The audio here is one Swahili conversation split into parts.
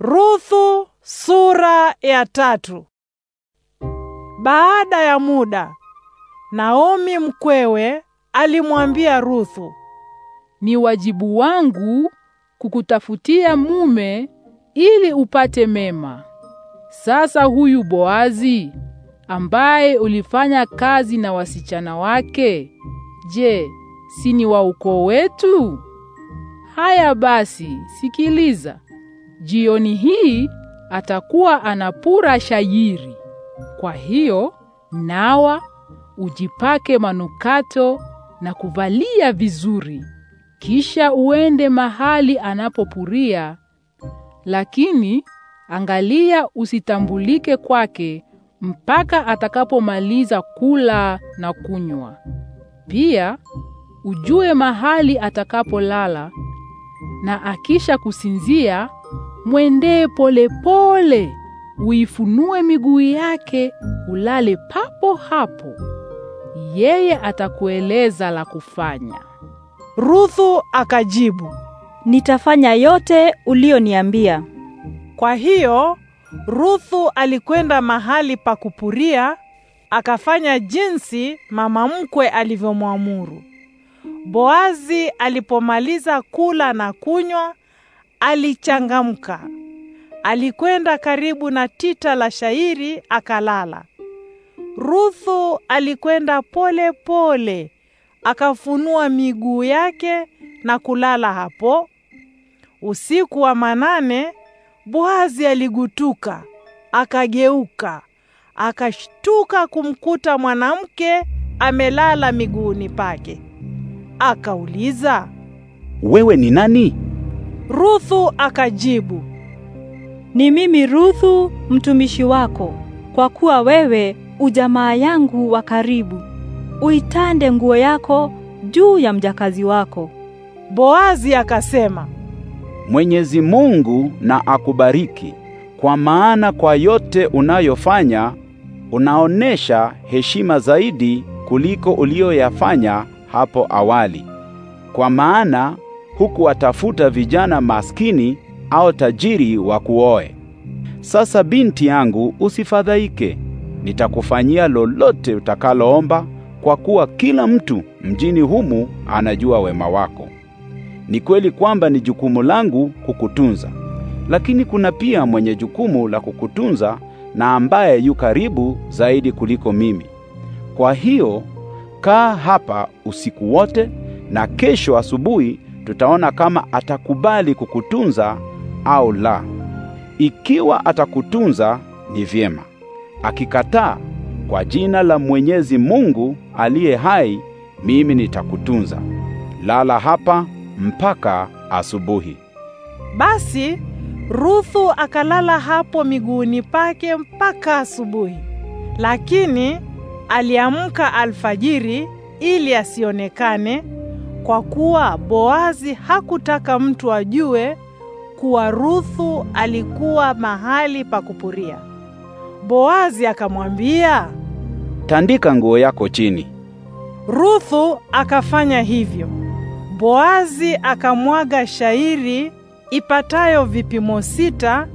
Ruthu sura ya tatu. Baada ya muda, Naomi mkwewe alimwambia Ruthu, ni wajibu wangu kukutafutia mume ili upate mema. Sasa huyu Boazi ambaye ulifanya kazi na wasichana wake, je, si ni wa ukoo wetu? Haya basi, sikiliza. Jioni hii atakuwa anapura shayiri. Kwa hiyo nawa, ujipake manukato na kuvalia vizuri, kisha uende mahali anapopuria, lakini angalia usitambulike kwake mpaka atakapomaliza kula na kunywa. Pia ujue mahali atakapolala, na akisha kusinzia mwendee polepole, uifunue miguu yake, ulale papo hapo. Yeye atakueleza la kufanya. Ruthu akajibu, nitafanya yote ulioniambia. Kwa hiyo Ruthu alikwenda mahali pa kupuria, akafanya jinsi mama mkwe alivyomwamuru. Boazi alipomaliza kula na kunywa, alichangamka. Alikwenda karibu na tita la shairi akalala. Ruthu alikwenda pole pole akafunua miguu yake na kulala hapo. Usiku wa manane Boazi aligutuka, akageuka, akashtuka kumkuta mwanamke amelala miguuni pake. Akauliza, wewe ni nani? Ruthu akajibu, ni mimi Ruthu mtumishi wako, kwa kuwa wewe ujamaa yangu wa karibu. Uitande nguo yako juu ya mjakazi wako. Boazi akasema, Mwenyezi Mungu na akubariki, kwa maana kwa yote unayofanya unaonesha heshima zaidi kuliko uliyoyafanya hapo awali. Kwa maana huku watafuta vijana maskini au tajiri wa kuoe. Sasa binti yangu, usifadhaike, nitakufanyia lolote utakaloomba, kwa kuwa kila mtu mjini humu anajua wema wako. Ni kweli kwamba ni jukumu langu kukutunza, lakini kuna pia mwenye jukumu la kukutunza na ambaye yu karibu zaidi kuliko mimi. Kwa hiyo kaa hapa usiku wote, na kesho asubuhi tutaona kama atakubali kukutunza au la. Ikiwa atakutunza ni vyema, akikataa, kwa jina la Mwenyezi Mungu aliye hai, mimi nitakutunza. Lala hapa mpaka asubuhi. Basi Ruthu akalala hapo miguuni pake mpaka asubuhi, lakini aliamka alfajiri ili asionekane kwa kuwa Boazi hakutaka mtu ajue kuwa Ruthu alikuwa mahali pa kupuria. Boazi akamwambia, "Tandika nguo yako chini." Ruthu akafanya hivyo. Boazi akamwaga shairi ipatayo vipimo sita,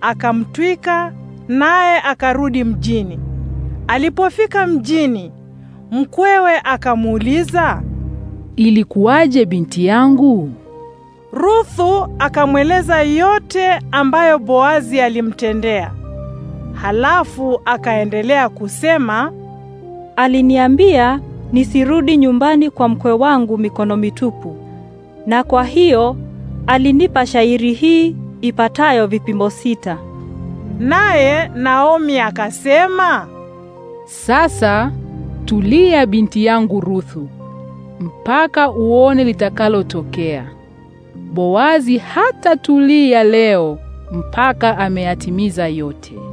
akamtwika naye akarudi mjini. Alipofika mjini, mkwewe akamuuliza, ilikuwaje binti yangu? Ruthu akamweleza yote ambayo Boazi alimtendea. Halafu akaendelea kusema, aliniambia nisirudi nyumbani kwa mkwe wangu mikono mitupu. Na kwa hiyo alinipa shairi hii ipatayo vipimo sita. Naye Naomi akasema, sasa tulia binti yangu Ruthu mpaka uone litakalotokea. Boazi hatatulia leo mpaka ameyatimiza yote.